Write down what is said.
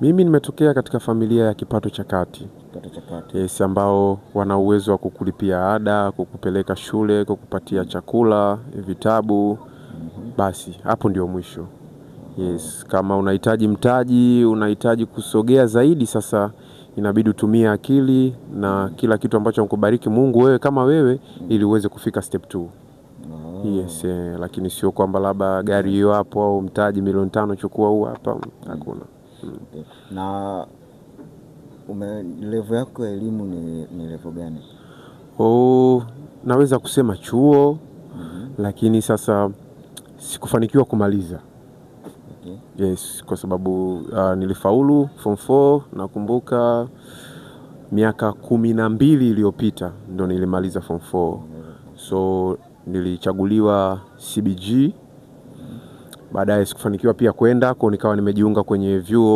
Mimi nimetokea katika familia ya kipato cha kati. Yes, eh, ambao wana uwezo wa kukulipia ada, kukupeleka shule, kukupatia chakula, vitabu. Mm-hmm. Basi hapo ndio mwisho. Yes, kama unahitaji mtaji, unahitaji kusogea zaidi sasa inabidi utumie akili na kila kitu ambacho mkubariki Mungu wewe kama wewe ili uweze kufika step t Oh. Ah. Yes, eh, lakini sio kwamba labda gari hiyo hapo au mtaji milioni tano chukua huu hapa, hakuna. Na ume, level yako ya elimu ni, ni level gani? Oh, naweza kusema chuo mm -hmm. Lakini sasa sikufanikiwa kumaliza okay. Yes, kwa sababu uh, nilifaulu form 4 nakumbuka miaka kumi na mbili iliyopita ndo nilimaliza form 4 so nilichaguliwa CBG, mhm. baadaye sikufanikiwa pia kwenda kwao, nikawa nimejiunga kwenye vyuo